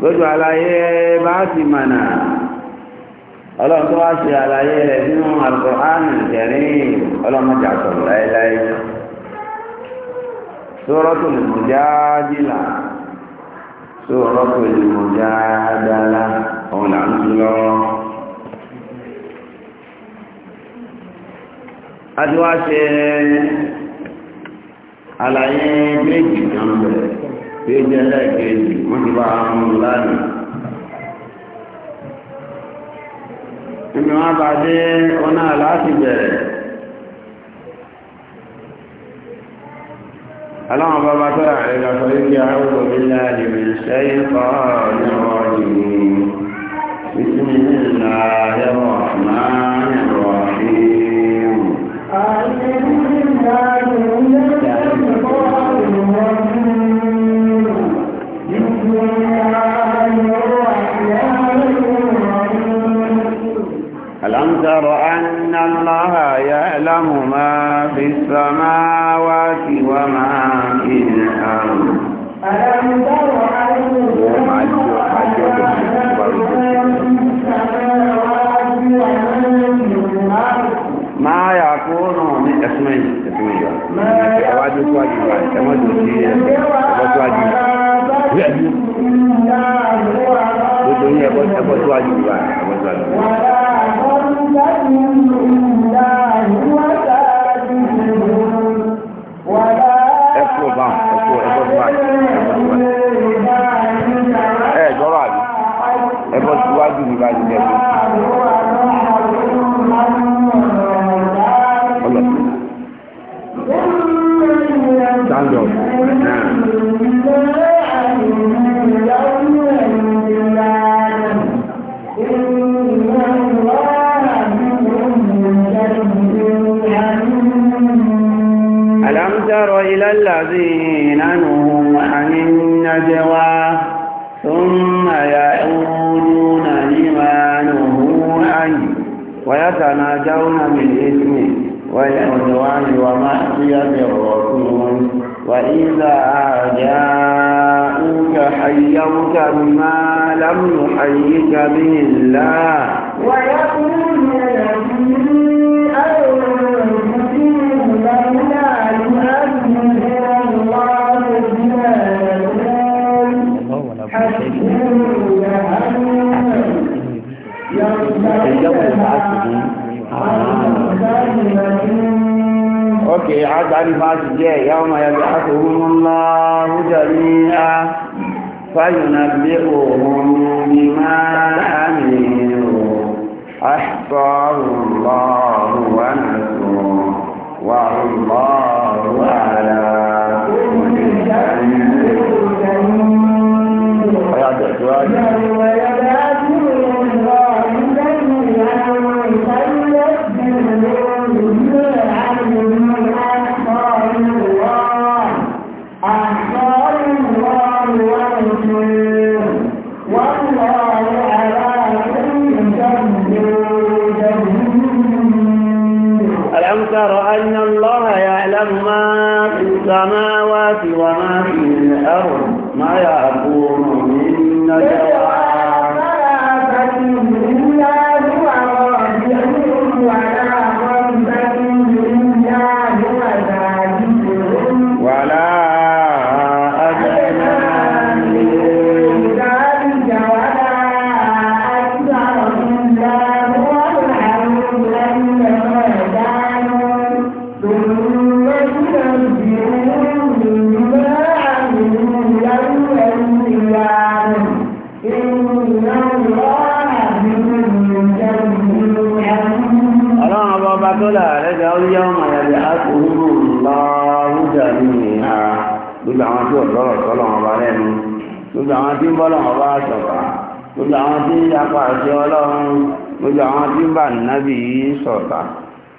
lójú àlàyé bá ti mànà ọlọ́run tó wá ṣe àlàyé rẹ̀ nínú Al-Qur'ānul lai. ọlọ́mọdé àtọ̀rọ̀ láéláé Sūratul Mujādila Sūratul Mujādala òun là ń lọ. a ti wá ṣe àlàyé méjì kan bẹ̀rẹ̀ péjì ẹlẹ́ẹ̀kejì wọ́n ti bá mú lánàá inú abàdé ọ̀nà láti bẹ̀rẹ̀ aláwọn bàbá tó rà rẹ̀ lọ́sọ̀ yìí kí a ó lòmí láàrin ìṣẹ́ ìfọ́ ọ̀nà ọ̀dìmù ìsinmi nílùú يعلم ما في السماوات وما في الأرض ألم تر ما يكون من اسمين اسمين اواجه تواجه كما تجي تواجه بدون يبقى تواجه ولا كنت من ẹ fún ọba ẹ fún ẹbọ síwájú ẹ jọrọ àbí ẹbọ síwájú ní bá nílẹ̀ ẹbọ. Stand up. يعملون بالإثم والعدوان ومعصية الرسول وإذا جاءوك حيوك بما لم يحيك به الله ويقول ويقولون الجو المعسكري òkè àgbàrífà ti jẹ́ ìyá ọmọ ẹgbẹ́ àtòhúnmọ́láwó jẹ́ríà fáyọ̀nà bí òun ní máa àmìnirò àṣìkọrùn-ún wà náà wà lọ́rùn ààrẹ ọ̀yá jẹ̀ tó wájú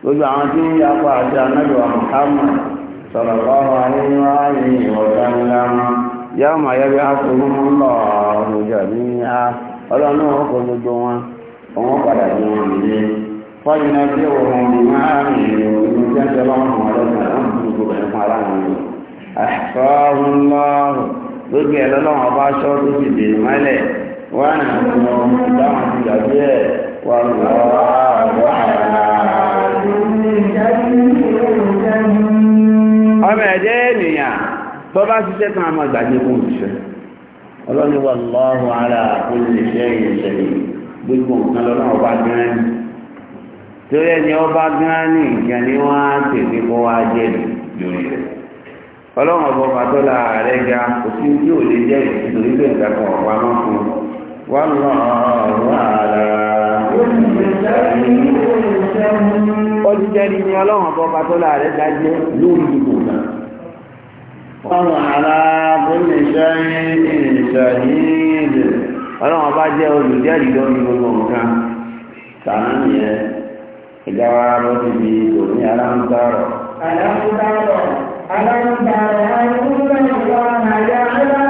gbogbo àwọn tí ń yapa àti anábìwà Muhammad sọ̀rọ̀ lọ́wọ́ àríwá àyè ọ̀dà ńlá wọn yá máa yẹ bí akọ̀rọ̀ mọ́ lọ àwùjọ ní a ọlọ́run náà wọ́n kọ gbogbo wọn òun padà ní wọn nìyẹn fọ́yìn náà bí òun ní máa rìn ìrìn jẹ́jẹ́ lọ́wọ́ àwọn ọlọ́run náà wọ́n ti gbogbo ẹ̀ fún aláwọn yìí. àṣọrun lọ́rùn gbogbo ẹ̀ lọ́lọ́run ọba aṣọ tó ti dè mọ́lẹ̀ wọ́n á nà ọmọ ìdáhùn ti dàbí ẹ̀ wọ́n lọ́wọ́ àwọn àwọn tó bá ṣiṣẹ́ kan àmọ́ ìgbàgbé fún òṣìṣẹ́ ọlọ́ni wà lọ́rùn ara olùṣẹ́ ìṣẹ̀lẹ̀ gbogbo nǹkan lọ́nà ọba gan ni torí ẹni ọba gan ni ìjẹun ni wọ́n á tètè kó wá jẹ́ lórí rẹ̀ ọlọ́run ọba ọba tó la ààrẹ ga òsì tí ò lè jẹ́ ìtòrí tó ìgbà kan ọ̀pá mọ́ fún un wà lọ́rùn ara ọdún jẹ́rìí ọlọ́run ọba ọba tó la ààrẹ ga jẹ́ lórí ìgbò náà ọmọ ara bóni ṣẹ́yìn ṣàyíìdì ọlọ́wọ́n bá jẹ́ olùjẹ́rìí lórí gbogbo nǹkan tààmì yẹn ìjáwá ló ti di òní aláǹtarọ̀. aláǹtarọ̀ aláǹtarọ̀ àìkú lẹ́yìn wọn àyà ẹ̀rọ.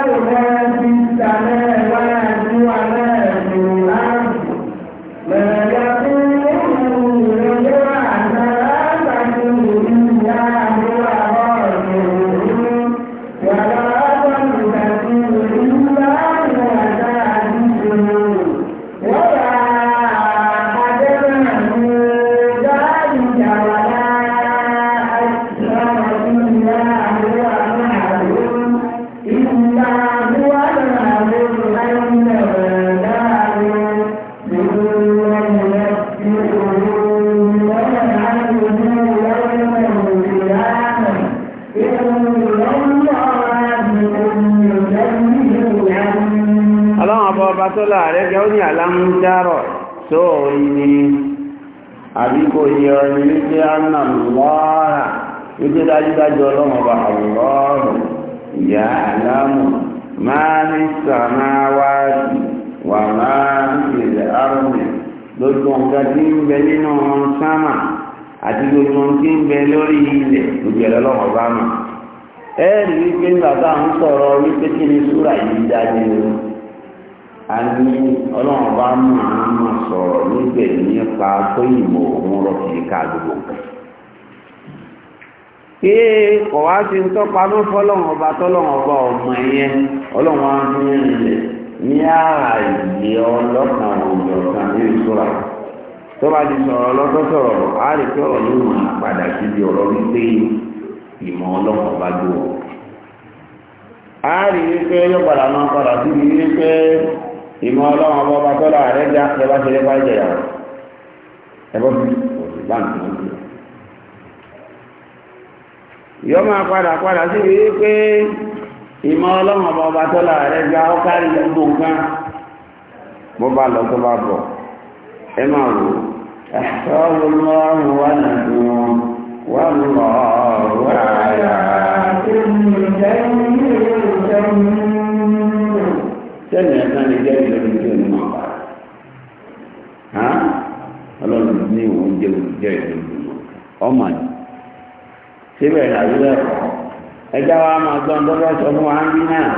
ìròyìn ọ̀rìn ní pé anna lọ́ra wípé dájúdájú ọlọ́run ọba àwòrán ìyá àlámù máa ní sàmáwáàdì wà máa ń pèlè àrùn gbogbo nǹkan tí ń bẹ nínú sámà àti gbogbo nǹkan tí ń bẹ lórí ilẹ̀ gbogbo ẹ̀rọ ọlọ́run ọba mà ẹ́ẹ̀rì wípé nígbà ń sọ̀rọ̀ wípé kí ni súrà yìí dájú a ní ọlọ́run bá máa ma sọ̀rọ̀ níbẹ̀ nípa pé ìmọ̀ òun rọ kìí ká gbogbo ń tọ́pa mọ́ ọmọ á ní ọlọ́kan ní ìṣúra tó bá ti sọ̀rọ̀ lọ́tọ́ á rí pé ọ̀rọ̀ ọ̀rọ̀ wípé ìmọ̀ ìmọ̀ ọlọ́run ọba ọba tọ́lá rẹ̀ já ẹbá ṣe lẹ́pá ìjẹyà ẹbọ́ fi òsì bá nǹkan lókè yọ máa padà padà sí wí pé ìmọ̀ ọlọ́run ọba ọba tọ́lá rẹ̀ já ó kárí gbogbo nǹkan bó bá lọ tó bá bọ̀ ẹ máa rò ẹ̀ṣọ́wó lọ́rùn wà nàdùn wà lọ́rùn àyà sẹ́ni ẹ̀sán lè jẹ́ ìlọrin tí òun máa bá a ọlọ́run ní òun jẹ́ olùjẹ́ ìlọrin ọmọ ni síbẹ̀ ìlàlúwẹ̀ ẹjá wa máa gbọ́ ọdọ́dọ́ sọ fún wa ń bí náà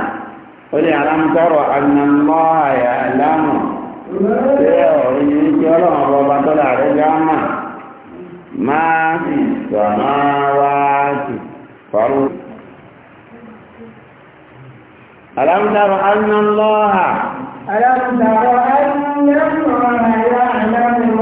ó lè alámútọ́rọ̀ agbọ̀nmọ́ àyà láàmù ṣé ọ̀rọ̀ yìí tí ọlọ́run ọba tọ́lá rẹ̀ já mà máa sì sọ̀rọ̀ wá sí fọ́rọ̀. ألم تر أن الله ألم تر أن الله يعلم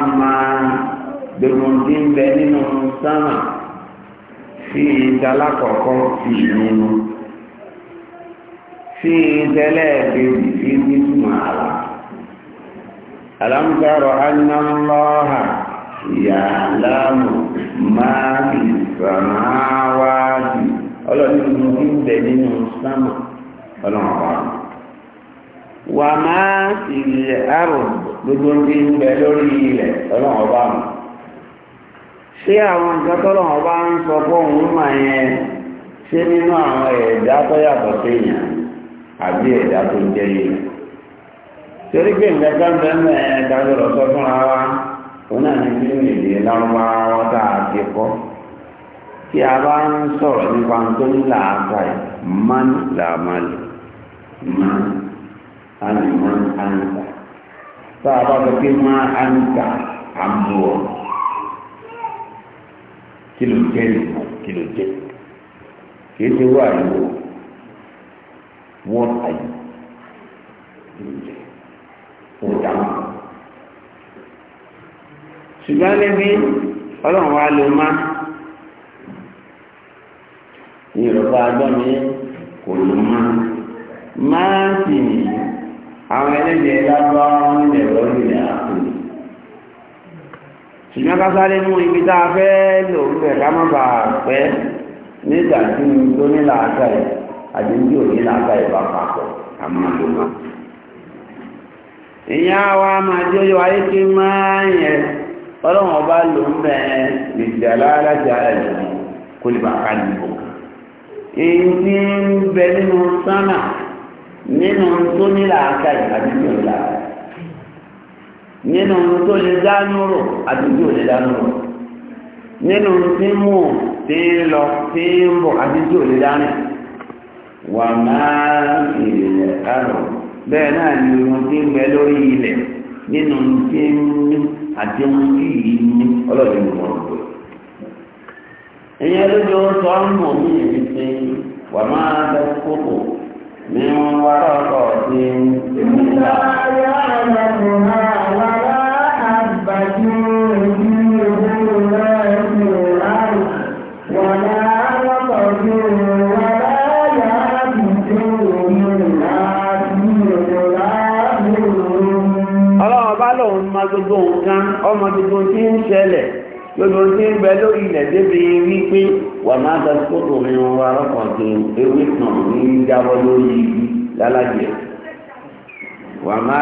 máa gbogbo tí ń bẹ nínú sánà sí ìdálá kọ̀ọ̀kan sí ìrìnnú sí ìtẹ́lẹ̀ kejì sí nítumọ̀ àlá. alámùtárọ̀ annáńlọ́hà ìyàlámù máa bì sàmáwáàdì ọlọ́ni gbogbo tí ń bẹ nínú sánà ọlọ́run wa máa sì àrùn gbogbo ń ti ń bẹ lórí ilẹ̀ ọlọ́run ọba mi. ṣé àwọn nǹkan tọ́lọ́run ọba ń sọ fóun mà yẹn ṣé nínú àwọn ẹ̀dá tó yàtọ̀ séèyàn àbí ẹ̀dá tó ń jẹ́ ilẹ̀. torí pé nǹkan kan bẹ́ẹ̀ ẹ̀dá tó lọ sọ fúnra wa òun náà ní bí nìdí lọ́rùn wa tá a ti kọ́. tí a bá ń sọ̀rọ̀ nípa ń là á ta ẹ̀ mánì là á lè mánì á lè mánì tá a bá sọ pé máa á ń ta àmú ọ kí ló jẹ ìlú kí ló jẹ kí ló wà ìlú wọ́n àyè kò dáhùn. ṣùgbọ́n níbi ọlọ́run wa lè má ní ìrọ̀bá kò lè má máa sì àwọn ẹlẹ́dẹ̀ẹ́ lábọ́ ṣùgbọ́n ká sáré mú ibi tá a fẹ́ lò ń bẹ̀ ká má bàa pẹ́ nígbà tí mo tó ní làákà yìí àti ní òní làákà yìí bá papọ̀ àmọ́ ló má. ìyá wa máa jó yọ ayé kí máa ń yẹ ọlọ́run ọba ló ń bẹ̀ lèdìdà láti ara ìlú kó lè bàa ká nìbò. èyí ń bẹ nínú sánà nínú tó ní làákà yìí àti ní òní nínú ohun tó lè dánú rò àti tí ò lè dánú rò nínú ohun tí mú tí ń lọ tí ń bọ̀ àti tí ò lè dánú wà máa ìrìnlẹ̀ àrò bẹ́ẹ̀ náà ni ohun tí ń bẹ lórí ilẹ̀ nínú ohun tí ń mú àti ohun tí yìí ní ọlọ́dún mọ̀ ọ́ pé ẹ̀yin ẹlẹ́jọ́ sọ ń mọ̀ mí èyí pé wà máa bẹ kókò ní wọn wá ọkọ̀ sí ìmúlá. gbogbo tí ń ṣẹlẹ̀ gbogbo tí ń bẹ lórí ilẹ̀ débi wípé wà má da sọ́tò mi wà rọ́pọ̀tì ewé kan ní jábọ́ lórí ibi lálàjẹ́ wà má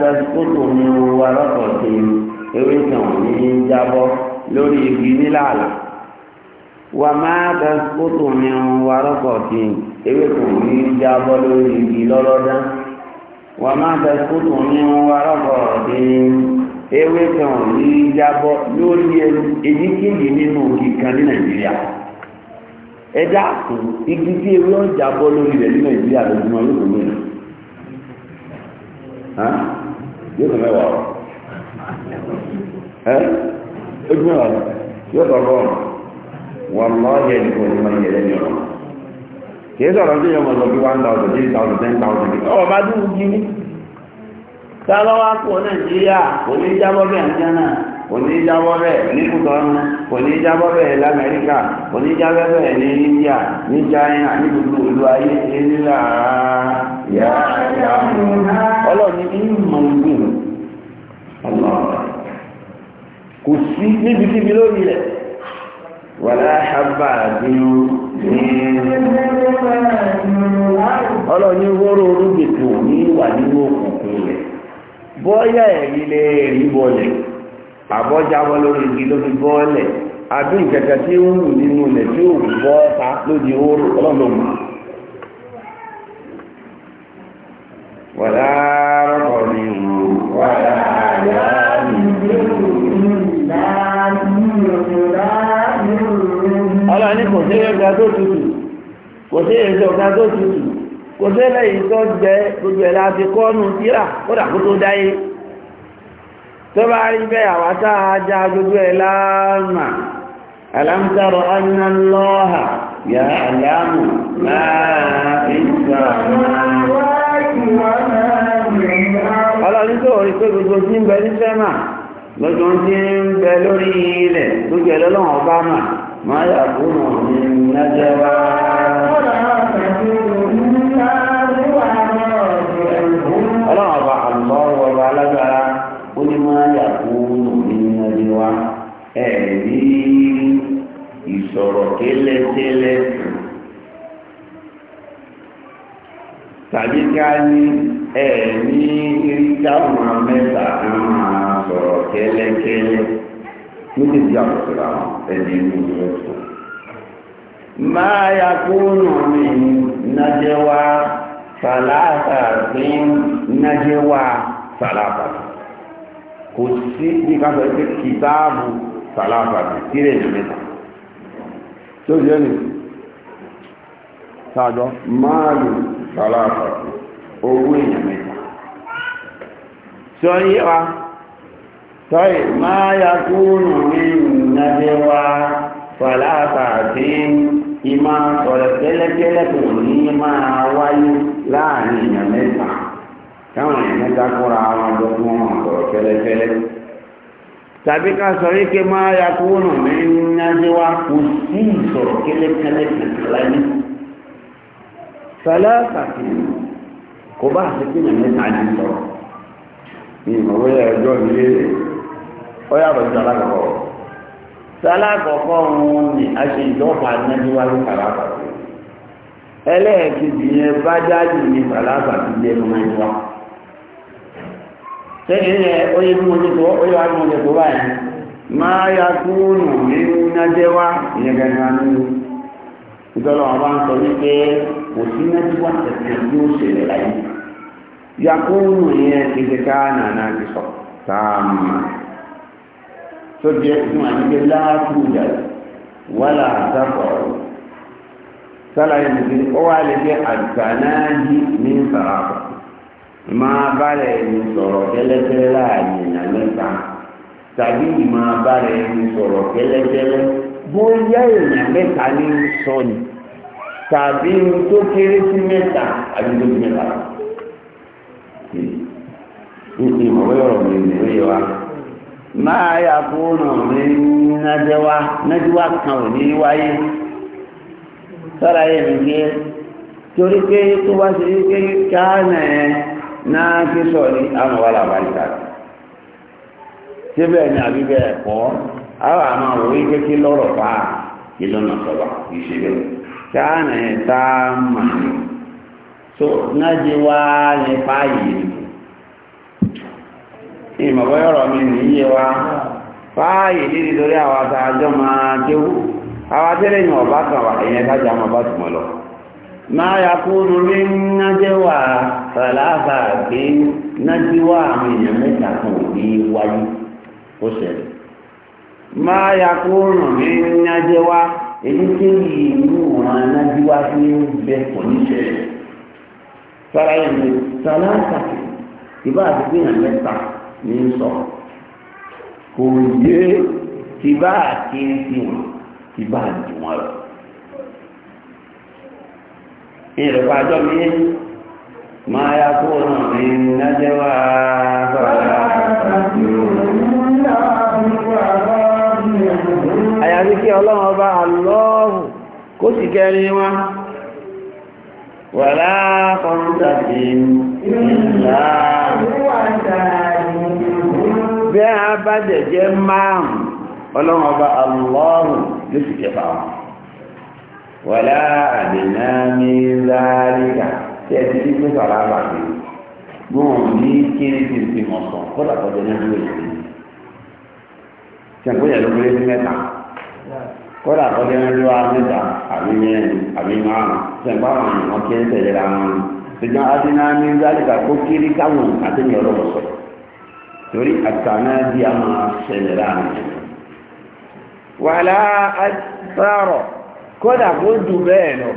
da sọ́tò mi wà rọ́pọ̀tì ewé kan ní jábọ́ lórí ibi nílàlà wà má da sọ́tò mi wà rọ́pọ̀tì ewé kan ní jábọ́ lórí ibi lọ́lọ́dá wà má da sọ́tò mi wà rọ́pọ̀tì. ewé kan ò ní jábọ́ lórí èyíkéyìí nínú igi ní nàìjíríà ẹja kù igi tí ewé ọjà bọ́ lórí rẹ̀ ní nàìjíríà lójúmọ́ yóò kún mí yóò kún mẹ́wàá ẹ ojúmọ́ yóò kún ọgọ́ wọn lọ yẹ nìkan ní wọn yẹ ọ̀rọ̀ kì í sọ̀rọ̀ bí one thousand three thousand ten thousand bá dúró tálọ́wà kò nàìjíríà kò ní jábọ́ bẹ́ẹ̀ ní jánà kò ní jábọ́ bẹ́ẹ̀ ní kùtọ́nù kò ní jábọ́ bẹ́ẹ̀ lamẹ́ríkà kò ní jábọ́ bẹ́ẹ̀ ní india ní china ní gbogbo olú ayé ṣe nílà ọlọ́ọ̀ni ní mọ̀ngùn kò sí níbi kíbi lórí rẹ̀ wàlá àbá àdínú ní ọlọ́ọ̀ni wóró orúgbètò ní wà nínú òkùnkùn bọ́ọ̀yà ẹ̀yìn lè rí bọ́ọ̀lẹ̀ àbọ́jáwọ́ lórí igi ló fi bọ́ọ̀lẹ̀ àbí ìkẹta tí ó wù nínú ilẹ̀ tí ó wù bọ́ ta lóde oró ọlọ́lọ́mù wàlá rọ́pọ̀ mi wù wàlá àyà ọlọ́ni kò sí ẹgbẹ́ tó tó tutù kò sí lẹ́yìn tó jẹ gbogbo ẹ̀ láti kọ́nù tíra ó dà kó tó dáyé tó bá rí bẹ́ẹ̀ àwa tá a já gbogbo ẹ̀ láàmà alámtàrọ̀ annalọ́ha yà aláàmù láàrín ọlọ́run tó rí pé gbogbo tí ń bẹ ní sẹ́mà lọ́jọ́ tí ń anyị ní ẹ̀ ní iríkà ma sọrọ kan máa sọ̀rọ̀ kẹ́lẹ́kẹ́lẹ́ méjèèjì àkọsílẹ̀ ya kúrò mi kò sí bí ká sọ pé kìtáàbù sí kíré owó èèyàn mẹ́ta sọ́yí wa sọ́yí máa ya kúrò ní ìrìnàjẹ́ wa fàlàtà tí ìmá sọ̀rọ̀ kẹ́lẹ́kẹ́lẹ́ kò ní máa wáyé láàrin èèyàn mẹ́ta káwọn èèyàn mẹ́ta kóra wọn jọ fún wọn sọ̀rọ̀ kẹ́lẹ́kẹ́lẹ́ tàbí ká sọ wípé máa ya kúrò ní ìrìnàjẹ́ wa kò sí ìsọ̀rọ̀ kẹ́lẹ́kẹ́lẹ́ kẹ̀kẹ́ láyé fàlàtà tí kò bá àṣekè yìí mẹ́ta ní sọ̀rọ̀ ìmọ̀wé ẹjọ́ ìlé ọ̀yàwó ìjọba kọ̀ọ̀ sálá kọ̀ọ̀kọ́ wọn ni a ṣe ìjọba nẹ́bíwájú kàlábà ẹlẹ́ẹ̀kejì yẹn bá jáde ní ẹnu máa ń wá sẹ́yìn yẹn ó yẹ kí mo ṣe wá máa ya nínú ìyẹn gẹ́gẹ́ nínú bá ń sọ wípé kò sí tẹ̀sán yóò ṣẹlẹ̀ yakúnù yẹn ìdíkà nànà ti sọ tààmà tó jẹ́ ìtumọ̀ nígbẹ́ láàkúdà wàlà àtàkọ̀ọ̀rọ̀ sálàyé nìkan ó wà lè jẹ́ àgbànáyí ní sàràkọ̀ máa bàrẹ̀ ẹni sọ̀rọ̀ kẹ́lẹ́kẹ́lẹ́ láàyè nà mẹ́ta tàbí máa bàrẹ̀ ẹni sọ̀rọ̀ kẹ́lẹ́kẹ́lẹ́ bóyá èèyàn mẹ́ta ní sọ ni tàbí tó kéré sí mẹ́ta àbí tó kéré mẹ́ta. ìpè ìmọ̀wé ọrụ mi wa máa yà fún mi nájẹ́wá nájẹ́wá kan ò ní torí pé tó bá ṣe wípé káànà ẹ náà ti sọ ní amọ̀wálà àbáríkà síbẹ̀ ni àbí bẹ́ẹ̀ kọ́ àwọn àmọ́ òwe lọ́rọ̀ kí lọ́nà so náàjí wá nípa yìí ọ̀rọ̀ mi nìyẹ wá fáàyè lílì lórí àwọn àtàjọ́ máa jẹ́wú àwọn tẹ́lẹ̀ bá kàn wà ìyẹn tájà máa bá túnmọ̀ lọ máa ya kú lórí nájẹ́wà ràláàbà gbé àwọn èèyàn mẹ́ta kan ò ní wáyé ó ṣẹlẹ̀ máa ya kú lórí èyí tí ìlú wọn sára ìlú sàlásà ìbá àti gbìyàn mẹ́ta ní sọ kò yé tìbá àti ìwọ̀n tìbá àti wọn lọ. ìrẹ̀pà àjọ mi máa yá kó náà ní nájẹ́wà sọ̀rọ̀. àyàfi kí ọlọ́run ọba kó sì ولا خمسة إلا bí a bá dẹ̀jẹ́ márùn ọlọ́run ọba aláwọ̀ ló sì kẹfà wọn wà láàdínà ní láàríkà tí ti ìlú ló sí mẹ́ta sẹ̀gbọ́n àwọn èèyàn kí ń tẹ̀lé ra wọn ṣùgbọ́n adínáàmì zálìkà kó kiri káwọn àtẹ̀yìn ọlọ́wọ́ sọ torí àtàná bí a máa ṣẹlẹ̀ láàrin wàhálà àtàrọ̀ kódà kó dù bẹ́ẹ̀ lọ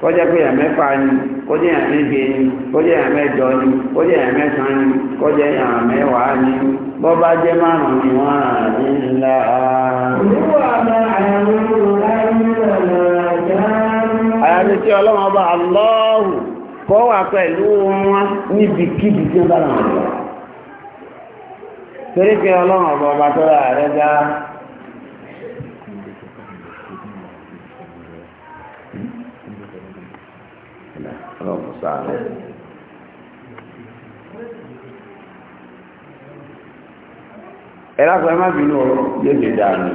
kọjá pé èèyàn mẹ́fà ni kọjá èèyàn méje ni kọjá èèyàn mẹ́jọ ni kọjá èèyàn mẹ́sàn ni kọjá èèyàn mẹ́wàá ni bọ́ bá jẹ́ márùn-ún ni wọ́n rà nílá. olúwa máa ń lò tí ọlọ́wọ́n bá lọ́ọ̀hù kọ́ wà pẹ̀lú wọn níbi kíbi tí wọ́n bá ràn wọ́n lọ. torí pé ọlọ́wọ́n ọba ọba tó rà rẹ̀ dá ọlọ́wọ́n sáà rẹ̀. ẹ̀lápọ̀ ọ̀rọ̀ yóò ṣe dáa ní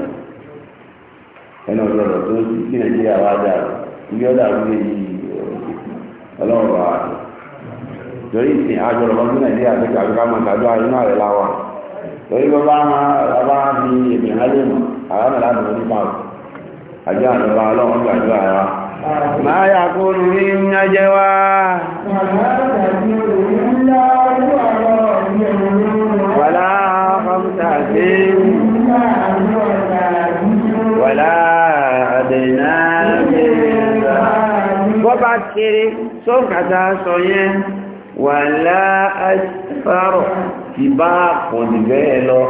ẹnu ọ̀rọ̀ tó ti kí nàìjíríà wá dáa ibi ọ̀dà wúlé yìí eh, ọlọ́run bá wà tó torí ìsìn àjọ lọ́mọ sí nàìjíríà tó kàwé ká máa kàdó àyínú àrẹ láwa torí bàbá máa bá fi èmi hálẹ̀ mọ́ àwọn ọ̀là àdùnnú nípa ọ̀ àjọ àjọba ọlọ́run gbàdúrà wa. máa yà kó lórí ń yájẹ́ wá. wàlá kọ́mùtà sí i. wá kéré sókàtà sọ yẹn wà láàárọ̀ tí bá pọ̀ jù bẹ́ẹ̀ lọ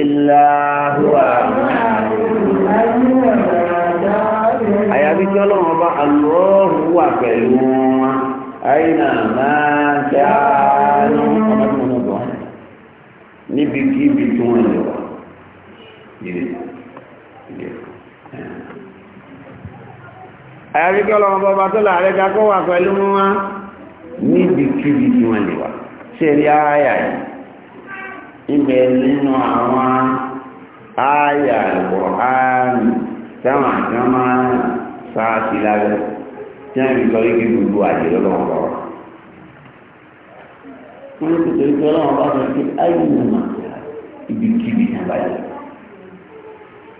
ìlàhùwà àyàbí tí ọlọ́run ọba àlọ́ọ̀rù wà pẹ̀lú níbi kí ibi tí wọ́n àyàfi kí ọlọ́run bọba tó láàrẹ́ ga wà pẹ̀lú níbi kíbi tí wọ́n lè wà ṣe rí ààyà ibẹ̀ nínú àwọn ààyà ìwọ̀ ààrùn àti sáàsì lábẹ́ tí wọ́n fi sọ wípé gbogbo àjẹ́ lọ́wọ́ wọ́n ní kòtò sọ pé ayé ìwọ̀n ibi kíbi tí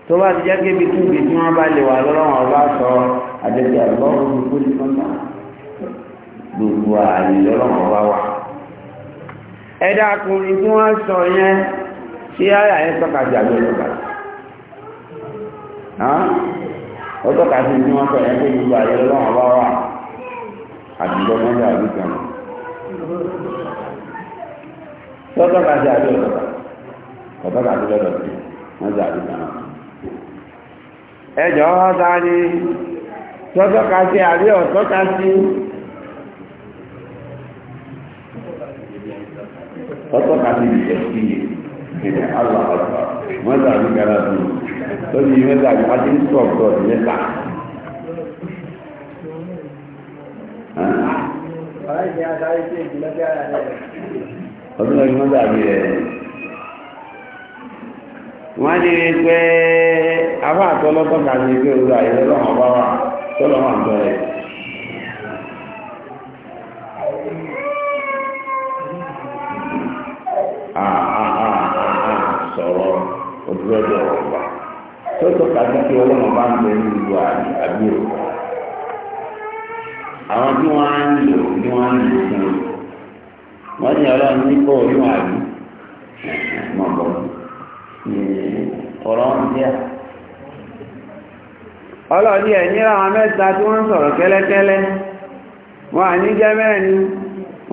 tó bá ti jẹ́ kébi kí ibi tí wọ́n bá lè wà lọ́wọ́ ọba sọ àdébí àlọ́wọ́ gbogbo ní kọ́ńtà gbogbo àyè lọ́wọ́ ọba wà. ẹ dákùnrin tí wọ́n sọ yẹn ṣé àyà yẹn tọ́ka sí àgbẹ̀ tọ́ka ó tọ́ka sí tí wọ́n sọ yẹn pé gbogbo àyè lọ́wọ́ ọba wà àdìgbọ́ mọ́tà àbí kan. tọ́tọ́ka sí àgbẹ̀ tọ́ka kọ́tọ́ka sí lọ́dọ̀ sí mọ́tà àbí kan náà ẹjọ́ ọ́ta ni tọ́tọ́ka sí àrí ọ̀tọ́ka sí tọ́tọ́ka sí ìjẹ̀sí ìrìn àlọ́ ọ̀tọ̀ mọ́tà ní kára tó tó ní mẹ́ta ní pàtí ní sọ̀tọ̀ ní mẹ́ta ọdún ọdún mọ́tà ní ẹ̀ wani lè rí atọlọtọ afá àtọ́lọ́tọ́ kà ní ilé òwúrọ̀ àyẹ̀lẹ́ lọ́wọ́ bá wà tó lọ́wọ́ àtọ́ rẹ̀. sọ̀rọ̀ òdúrọ̀dọ̀ ọ̀gbà tó tọ́ka sí pé ọlọ́run bá ń bẹ ní àwọn tí á ń lò á ọ̀rọ̀ ń díà ọlọ́dí ẹ̀ àwọn mẹ́ta tí wọ́n ń sọ̀rọ̀ kẹ́lẹ́kẹ́lẹ́ wọ́n ní jẹ́ mẹ́rin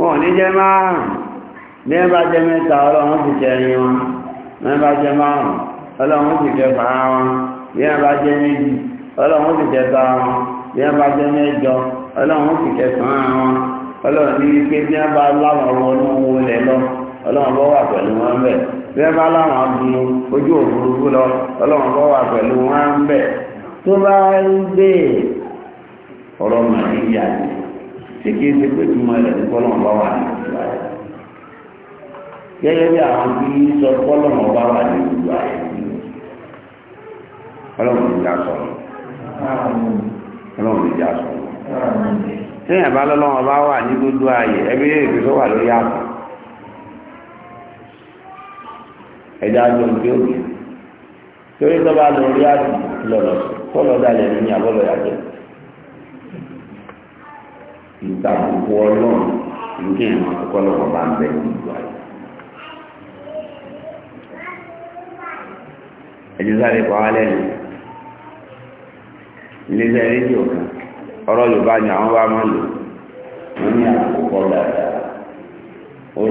wọ́n ní jẹ́ márùn-ún ní ẹbá mẹ́ta ọlọ́run ti wọn ní ẹbá jẹ́ márùn-ún ọlọ́run ti wọn ní méjì ọlọ́run ti bá ọlọ́run lọ bẹ́ẹ̀ láwọn agun ojú òfurufú lọ ọlọ́run kọ́ wà pẹ̀lú wọn á ń bẹ̀ tó bá ń gbé ọ̀rọ̀ màríyà ni tí kìí ṣe pé túmọ̀ rẹ̀ ní kọ́lọ́run bá wà ní ìlú ayé gẹ́gẹ́ bí àwọn tí sọ kọ́lọ́run bá wà ní ìlú ayé ọlọ́run ti já sọ̀rọ̀ ọlọ́run ti já sọ̀rọ̀ sẹ́yìn àbálọ́lọ́run bá wà ní gbogbo ayé ẹbí èdè tó wà lórí àpò ẹja jọ ń gbé òkè torí tó bá lọ rí àdì abụọ ní abọlọ yàjẹ ìtàkùkù Ọlọ́run nké ìwọn kọlọ wọn bá ń bẹ ní ìlú ayé sáré pa iléeṣẹ́ rédíò kan ọ̀rọ̀ Yorùbá ni àwọn bá máa lò ní àkókò ó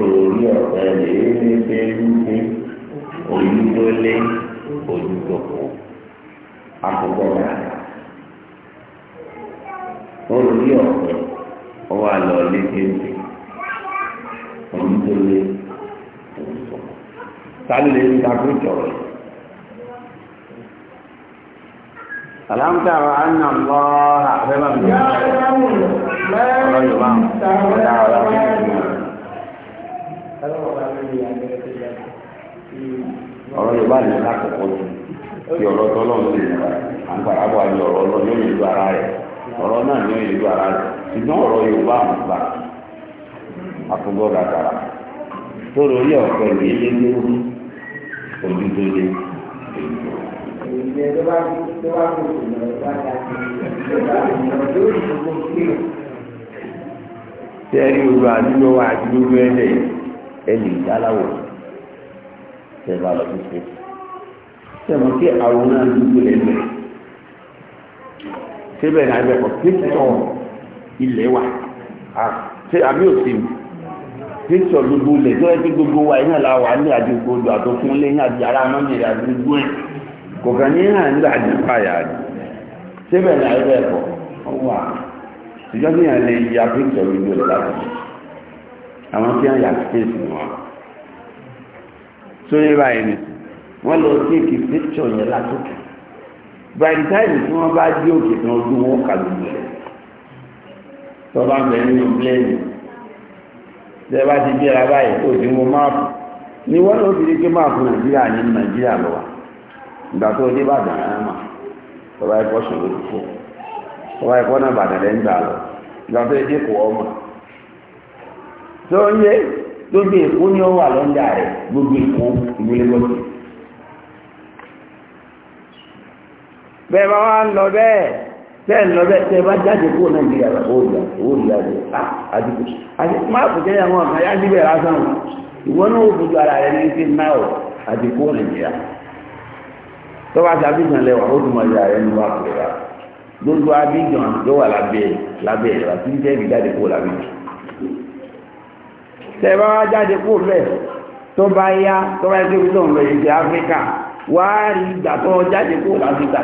ọ̀pẹ lè ojú tó lé ojú tó kù àkókò rẹ̀ olùdí ọ̀pẹ ọwọ́ àlọ́ lékèké ojú tó lé ojú tó kù sálí lè ní kakú ìtọ̀rọ̀ Alam tara anna Allah àfẹ́bà mi. Ọ̀rọ̀ Yorùbá ọ̀dà ọ̀rọ̀ mi. ọ̀rọ̀ yorùbá ní lákòókò ní ti ọ̀rọ̀ tọ́lọ́run ọ̀rọ̀ lọ yóò ara rẹ̀ ọ̀rọ̀ náà yóò ara rẹ̀ ṣùgbọ́n ọ̀rọ̀ yorùbá gbà ọ̀pẹ lé olú àdúgbò wa àdúgbò tẹ bá lọ fífi tẹ mọ kí àwọn náà dúdú lẹ́gbẹ̀ síbẹ̀ náà ẹgbẹ́ kọ píṣọ ilẹ̀ wa ṣé àmì òsì píṣọ gbogbo lẹ̀ tó yẹ kí gbogbo wa iná la wà ní àdúgbò odò àtòkùn lé ní àdúgbò ara mọ́ mi àdúgbò ẹ̀ kò kàn ní hàn ní àdúgbò àyà rẹ̀ síbẹ̀ náà ẹgbẹ́ kọ wà ìjọba yẹn lè ya píṣọ gbogbo lẹ̀ láti àwọn tí wọ́n yà kéèsì wọn. sórí báyìí ni wọ́n lọ téèkì píkṣọ̀ yẹn látòkè by the time tí wọ́n bá dé òkè tí wọ́n dún wọn kà lóbi rẹ̀ tọ́ba ń bẹ nínú pílẹ́ẹ̀nì tẹ́ ẹ bá ti bí ara báyìí tó ti mú máàpù ni wọ́n lọ fi ké máàpù nàìjíríà ní nàìjíríà lọ́wọ́ ìgbà tó dé bàdàn ẹ̀ mà tọ́ba ẹ̀kọ́ sọ̀rọ̀ fò náà gbà lọ ìgbà tó dé kò tó ń yé. lóde èkó ni ó wà lọ́ndà rẹ̀ gbogbo èkó ìgbélébọ́sì. bẹ́ẹ̀ bá wà ń lọ bẹ́ẹ̀ bẹ́ẹ̀ ń lọ bẹ́ẹ̀ tẹ́ bá jáde kó nàìjíríà rẹ̀ owó ìyá owó ìyá rẹ̀ àdìgbò àti máa kò jẹ́ àwọn ọ̀gá yá síbẹ̀ lásán ìwọ náà ó fojú ara rẹ̀ ní ṣe náà àdìgbò nàìjíríà tó bá ti abíjan lẹ́wà ó tún mọ ìyá rẹ̀ nínú àpò rẹ̀ gbogbo abíjan ló wà lábẹ́ lábẹ́ rẹ̀ àti jẹ́ ìdáde kó lábẹ́ rẹ̀. tẹ̀bá jáde kó bẹ̀ tó bá yá tó bá yẹ tó ń lọ èdè áfíríkà wá rí ìgbà tó jáde kó láfíríkà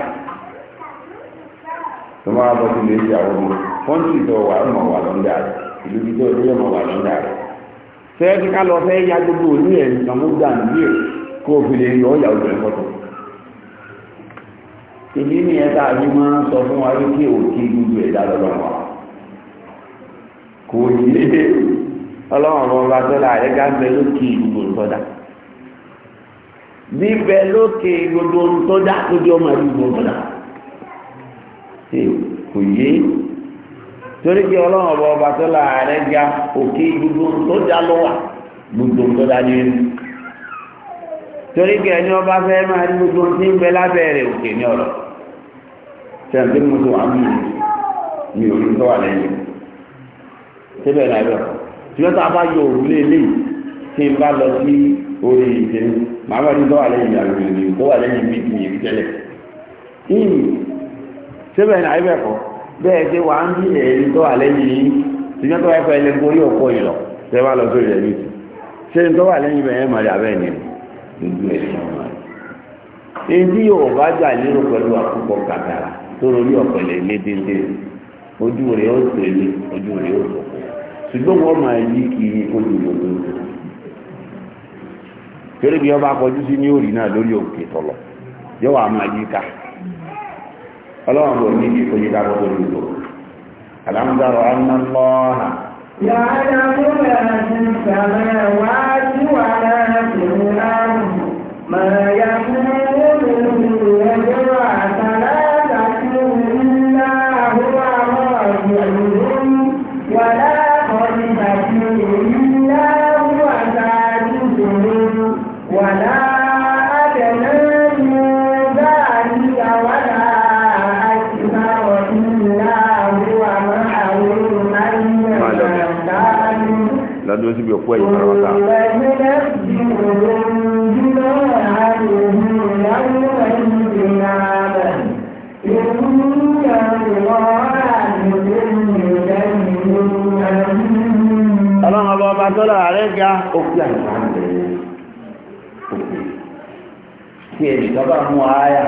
tó máa bọ́ sí ilé àwọn ọmọ kọ́ńtì tó wà ọmọ wà lọ́ndà rẹ̀ ìlú tó ọmọ wà lọ́ndà rẹ̀ kí ká lọ fẹ́ ya gbogbo ẹ̀ kó fi lè ọ̀yà máa ọlọ́run ọ̀rọ̀ ọba tọ́lá rẹ̀ ká bẹ lókè gbogbo ntọ́dá bíbẹ lókè gbogbo ntọ́dá lójú ọmọ àdúgbò ntọ́dá ṣe kò yé torí pé ọlọ́run ọba ọba tọ́lá rẹ̀ ga òkè gbogbo ntọ́dá lọ́wà gbogbo ntọ́dá ní ẹnu torí pé ẹni ọba fẹ́ máa rí gbogbo ntí ń bẹ lábẹ́ rẹ̀ òkè ní ọ̀rọ̀ ṣèǹtí mọ́tò àmì mi ò ní tọ́wà lẹ́yìn síbẹ̀ náà bẹ̀rẹ̀. ṣùgbọ́n tá a bá yọ òrùlé eléyìí tí n bá lọ sí orí ìṣe màá wà ní tó wà àgbègbè tó wà ní àyẹ̀bẹ̀ kọ́ bẹ́ẹ̀ ṣe wà ń bí ẹ̀rí tó wà lẹ́yìn yìí tó wà yìí lọ bá lọ ṣe ń tó wà ni ọmọ yóò bá jà lérò àkókò kàkàrà tó ṣùgbọ́n wọ́n máa yí kiri olùyọ̀dọ̀ torí bí ọba akọjú sí ní òrì náà lórí òkè tọ̀lọ̀ yóò wà máa yí ká ọlọ́run kò ní kí oye ká gbọ́dọ̀ lòlò àdámúdárọ̀ ọmọlọ́ọ̀nà. yàrá múlẹ̀ àti sàmẹ̀ wá sí wàhálà tó ń rárùn màá yá fún kú ẹ̀yìn pátápátá. ọlọ́run ọba ọba tọ́lá ààrẹ ga òkú àìsàn tí ẹ̀yìn tọ́ba mú ààyà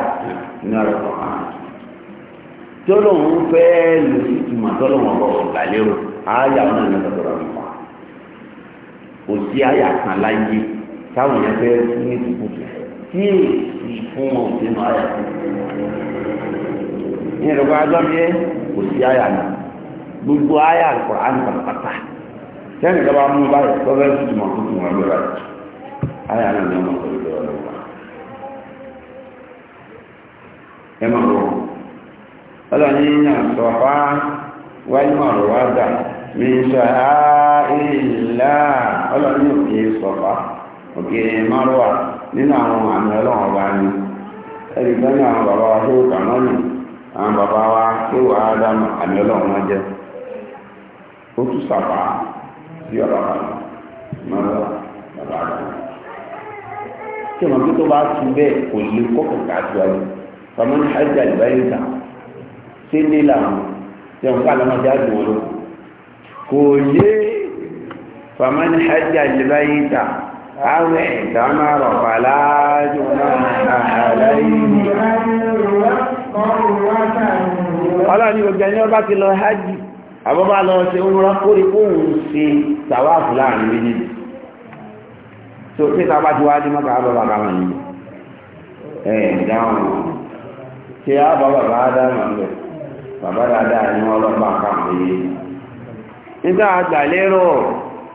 ní ọ̀rọ̀ kan tọ́lọ́run fẹ́ẹ́ lò sí ìtumọ̀ tọ́lọ́run ọba ọ̀gá kò sí àyà kan láyé táwọn yẹn fẹ́ fún ní kùkùtù tí èsì fún wọn ò sínú àyà kan ní ìrọ̀gbọ́n agbábíyẹ kò sí àyà náà gbogbo àyà Al-Qur'an pàtàkì sẹ́ni ìjọba mú báyìí lọ́fẹ́ tuntun mọ̀ tuntun wọn lọ́ra àyà náà ni wọ́n mọ̀ pẹ̀lú ọ̀rọ̀ wa ẹ máa wọ̀ ọlọ́ni náà sọ̀fà wáyé mọ̀ ọ̀rọ̀ wa dà mìṣàá ìlà ọlọ́run òkè sọ̀fà òkè márùwà nínú àwọn àmì ọlọ́run ọba ni ẹni tó àwọn bàbá wa tó kà ha àwọn bàbá wa tó wà á dá àmì ọlọ́run wọn jẹ ó tún sàfà sí ọ̀rọ̀ àbàlọ́ márùwà bàbá kí wọn tó tó bá tu bẹ́ẹ̀ kò lè kọ́kọ́ kà á tu ẹ̀ fàmọ́nì àjà ìbáyìí ta sí nílà tí wọn kọ́ kò yé fàmánì hajj àlìbáyíta àwẹ̀ ìdámàrọ̀ fàlájú náà àlàyé ọlọ́ni gbogbo ẹni ọba ti lọ hajj àbọ́bá lọ ṣe umra kórí kóhùn ṣe tàwáàfù láàrin méjèèjì tó pé tàbá ti wájú mọ́ta àbọ̀bà kàmà nìyí ẹ̀ dáhùn ṣe àbọ̀bà bá dáhùn bàbá dáadáa ni wọ́n lọ́pàá kàmà nígbà àgbàlérò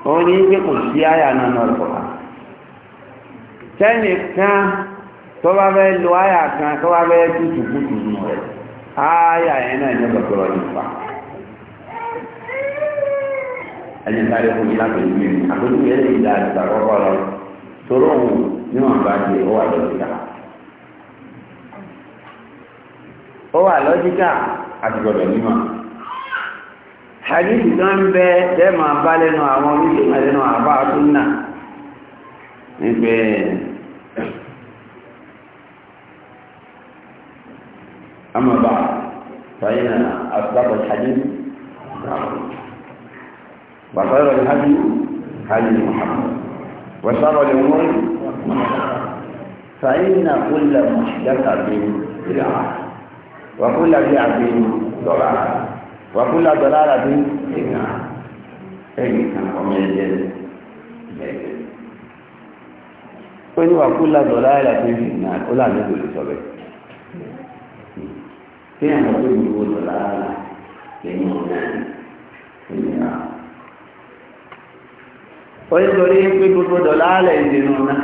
òun ní pé kò sí àyà náà náà lọ kan tó bá fẹ́ lo àyà kan tó bá fẹ́ tutù nù rẹ̀ àyà yẹn náà nípa ẹni sáré fún mi láti ìlú mi àkójú yẹn lè dá àti àkọ́kọ́ lọ toró òun níwọ̀n bá hadithi tó ń bẹ dẹ́mà bá lẹ́nu àwọn oníṣẹ́mà lẹ́nu àbá súnà níbẹ̀ amọ̀bá fàyínà àtúbàbọ̀ hadith bàbáyọ̀ ìhàbí hadith muhammad wàsára lè wọ́n fàyínà kúlẹ̀ mọ̀ṣíkà tàbí ìlà wàkúlẹ̀ bí àbí lọ́la wàkúlà dọ̀là àràbí ìgbà ẹ̀yìn kan ọmọ ẹ̀jẹ̀ ẹ̀jẹ̀ ó ní wàkúlà dọ̀là àràbí ìgbà ó là ní ìdòlè sọ̀rọ̀ kí àwọn tó ń wo dọ̀là àrà lẹ́yìn ọ̀nà ìgbà ó ní torí pé gbogbo dọ̀là àrà ìdènà náà.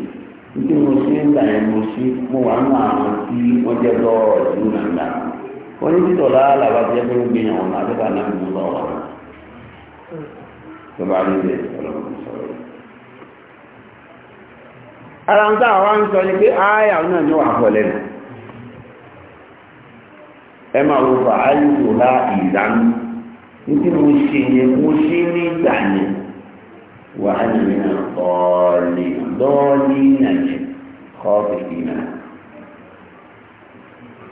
nke mo ṣe ń gbà yẹn mo ṣe mo wà nù àwọn tí wọ́n jẹ́ lọ́ọ̀rọ̀ ìlú nàìjíríà wọ́n ní títọ̀ láàlà bá jẹ́ pé ó gbé yàn wọn àti bàbá mi lọ́wọ́ tó bá rí ara ni ni ìdánù وأنا من الضالين ضالين خاطئين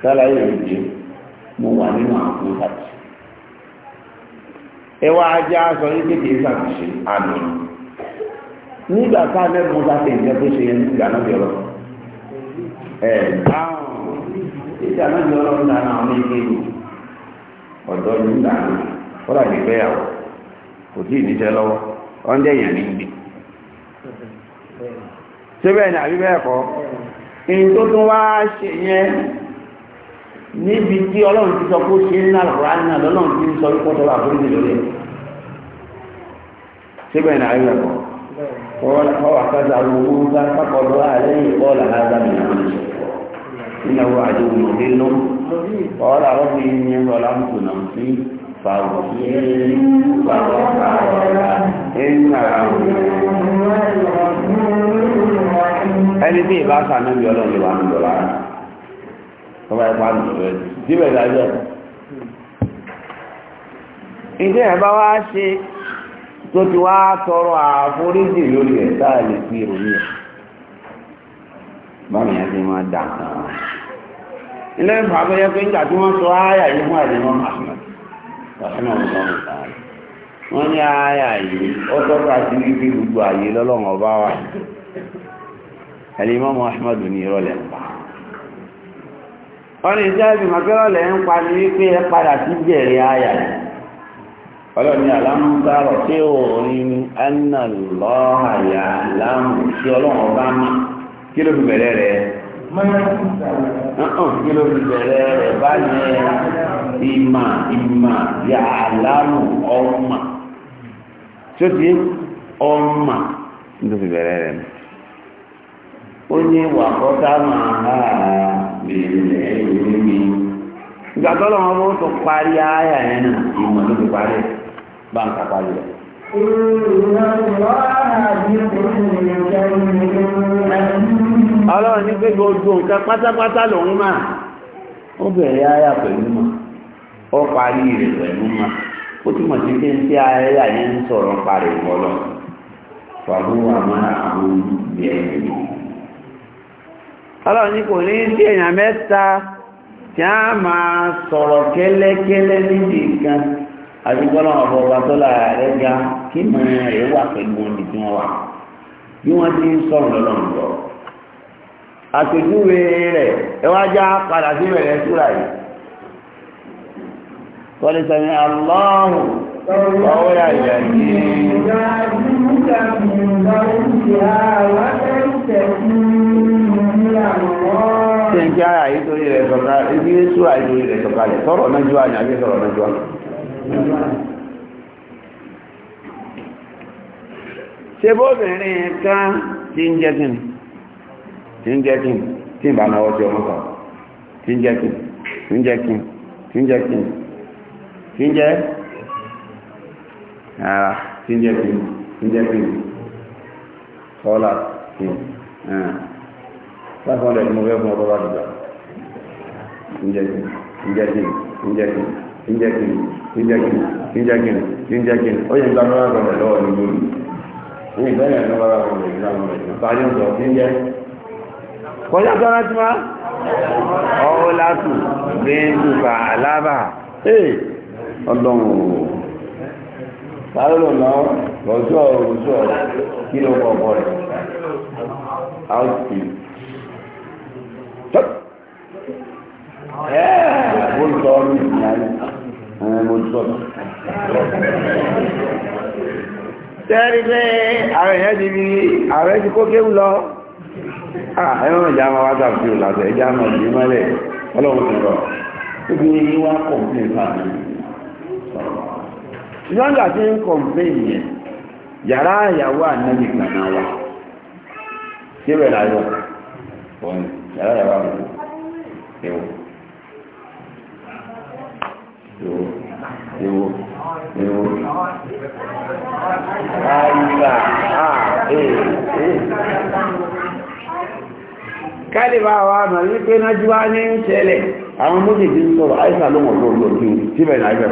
قال أيها الجن موانين عقول حج ẹwà ajá aṣọ yìí kéde ìsàkóso àmì nígbà tá a lẹ́nu mọ́ta ṣe nǹkan tó ṣe yẹn nígbà náà ẹ̀ dáhùn náà bí ọlọ́run dáná àwọn ọ̀dọ́ kò tí ì níṣẹ́ lọ́wọ́. ọ̀ndẹ̀ èèyàn ní gbé síbẹ̀ ní àbí bẹ́ẹ̀ kọ́ in tó tún wá ṣe yẹ níbi tí ọlọ́run ti sọ kó ṣe ní àlùkòrá ní àlọ́lọ́run ti sọ wípé ọ̀tọ̀ lórí ẹ̀ síbẹ̀ ní àbí bẹ́ẹ̀ kọ́ فاغفر ẹni tí ìbá sànú bí ọlọ́run lè wà ní ìdọ̀lá rẹ̀ ọba ẹ̀kọ́ àdùnnú rẹ̀ síbẹ̀ dájọ́ ìdí ẹ̀ bá wá ṣe tó ti wá tọrọ àforíjì lórí ẹ̀ táà lè fi ìròyìn ẹ̀ báwọn yẹn ti máa dà kàn án ilé ìfàbẹ́yẹ pé nígbà tí wọ́n sọ ááyà yìí fún àdìmọ́ màmí ọ̀sánà ọ̀sánà tààrí wọ́n ní ààyà yìí ó tọ́ka sí ibi gbogbo ààyè lọ́lọ́run wa ẹ̀lẹ́mọ́ Muhammadu ní ìrọ̀lẹ̀ ń pa ọ̀rìn iṣẹ́ ìbí mọ̀kẹ́rọ̀lẹ̀ ń pa ní wípé ẹ padà sí bẹ̀rẹ̀ ààyà yìí ọlọ́ni alámúgbárọ̀ tí ó rí ní ẹnà lọ́hàyà láàmù sí ìmà ìmà yàlánù ọmà tí ó ti ọmà nítorí bẹ̀rẹ̀ rẹ̀ ó ní wà máa ha bèèrè ìwé mi ìgbà tó lọ́wọ́ bó tó parí ayà yẹn náà ìmọ̀ tó ti parí bá ń kápá lọ. Ọlọ́run ní pé gbogbo nǹkan pátápátá lòun máa ó bẹ̀rẹ̀ ayà pẹ̀lú ó parí rẹ̀ pẹ̀lú ma ó túmọ̀ sí pé tí ayẹyẹ yẹn ń sọ̀rọ̀ parí wọlọ́ fàbúwà àwọn ibi ẹ̀yìn mi. ọlọ́run ní kò ní sí èèyàn mẹ́ta tí a máa sọ̀rọ̀ kẹ́lẹ́kẹ́lẹ́ níbi àti bọ́lá ọ̀bọ̀ ọba tó lára rẹ̀ ga kí wà pẹ̀lú wọn wọ́n wà bí wọ́n ti ń قل سمع الله قول التي يجادلك في زوجها وتشتكي إلى الله Ṣéńkí ara yìí torí rẹ̀ sọ̀ká, ibi Yéṣu àyè rẹ̀ sọ̀ká sọ̀rọ̀ náà jù sọ̀rọ̀ náà Ṣé bóbìnrin kan ti ń jẹ́ kìnnì? Ti ń jẹ́ kìnnì? Tí ìbá ti ọmọ tí ń jẹ́ pin tí pin kọ́lá pin ah. five hundred ọlọ́run sáré náà lọ́jọ́ ọ̀rọ̀jọ́ kí ló kọ̀ ọ̀pọ̀ rẹ̀ áùtì tó ẹ́ mo ń sọ ọdún ìyáyé ẹ̀ mo ń sọ ọdún. sẹ́rí pé ààrẹ yẹn ti fi ààrẹ ti kó kéwù lọ ẹ̀rọ ìjà máa wá tàbí ìlàtọ̀ ìjà máa jù mọ́lẹ̀ ọlọ́run ti rọ̀ ó bí wá kọ̀ọ̀pù nípa mi. lọ́nà tí ń kọ̀m̀pé yẹn yàrá ìyàwó ànábì kanáà wà síbẹ̀ láyọ̀ yàrá ẹ̀wọ̀ ẹ̀wọ̀ ẹ̀wọ̀ ẹ̀wọ̀ wa mọ̀ wípé nájúwá ní ń ṣẹlẹ̀ àwọn méjèèjì ń sọ̀rọ̀ àìsà ló wọ̀ láyọ̀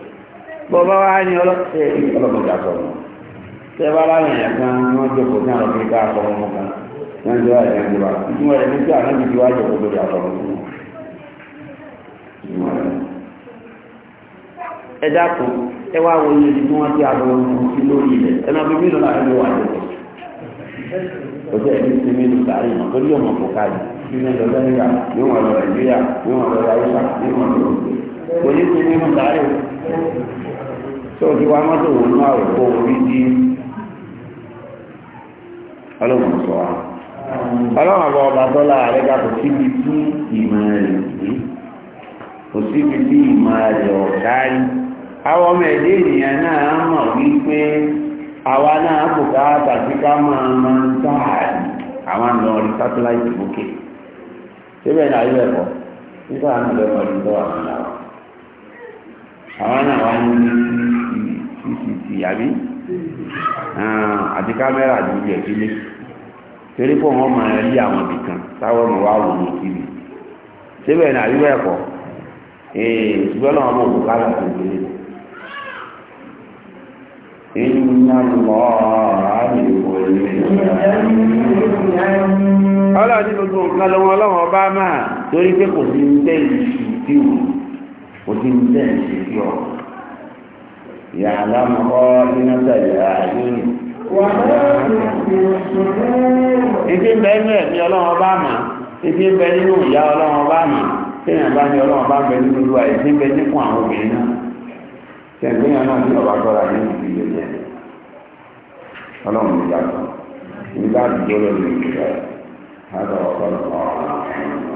bọ́bá wá ní ọlọ́pẹ́ ọlọ́pẹ́ sọ̀rọ̀ tẹ́ láwọn èèyàn kan wọ́n jókòó ní àwọn ọ̀pẹ́ káà sọ̀rọ̀ mọ́ kan wọ́n jọ àìyàn jù wá ìtumọ̀ rẹ̀ nígbà náà ti wá jókòó lórí àsọ̀rọ̀ mọ́ ẹ dákun ẹ wá wo iye tí wọ́n ti àbọ̀ ọ̀hún sí lórí ilẹ̀ ẹ máa fi mí lọ́la ẹ ló wà jókòó ojú ẹni ti mí nípa rí mọ torí ọmọ kò ká yìí ní ẹjọ́ lẹ́yìnká ní lọ nàìjíríà ní wọn lọ yàrá ní wọn lọ òní ti mí nípa rí o. tó ti wá mọ́tò wò ní àwẹ̀ kó orí dí ọlọ́run sọ wa ọlọ́run àbọ̀ ọba tọ́lá ga kò síbi tí ìmọ̀ rẹ̀ yìí kò síbi tí ìmọ̀ rẹ̀ ọ̀gá yìí àwọn ọmọ ẹ̀dẹ́ ènìyàn náà mọ̀ wípé àwa náà kò ká tàbí ká máa máa ń dáàrí àwọn sátáláìtì síbẹ̀ náà yóò ẹ̀kọ́ nígbà àbí ah, àti kámẹ́rà àti ibi torí pé wọ́n máa rí àwọn ibìkan táwọn ọmọ wa wò ní kiri eh, síbẹ̀ ní àríwá ẹ̀kọ́ ee ọmọ òkú kálá na gbélé iná lọ àyẹ̀wò ẹ̀yẹ. ọlọ́ọ̀dún gbogbo nǹkan lọ́wọ́ ọlọ́wọ́ máa torí pé kò sí ń tẹ́ ìṣù tí ò kò sí ń tẹ́ يعلم خائنة الأعين وما تخفي الصدور إذا بين mi Ọlọ́run bá mà ìdí ń bẹ nínú ìyá Ọlọ́run bá mà téèyàn bá ní Ọlọ́run bá ń bẹ nínú ìlú àìsí ń bẹ nípò àwọn obìnrin náà tẹ̀gbéyàn náà ní ọba tọ́ra ní ìlú ìlú yẹn Ọlọ́run ìjà kan ìgbà àdúgbò lórí ìlú rẹ̀ هذا وصلى الله على محمد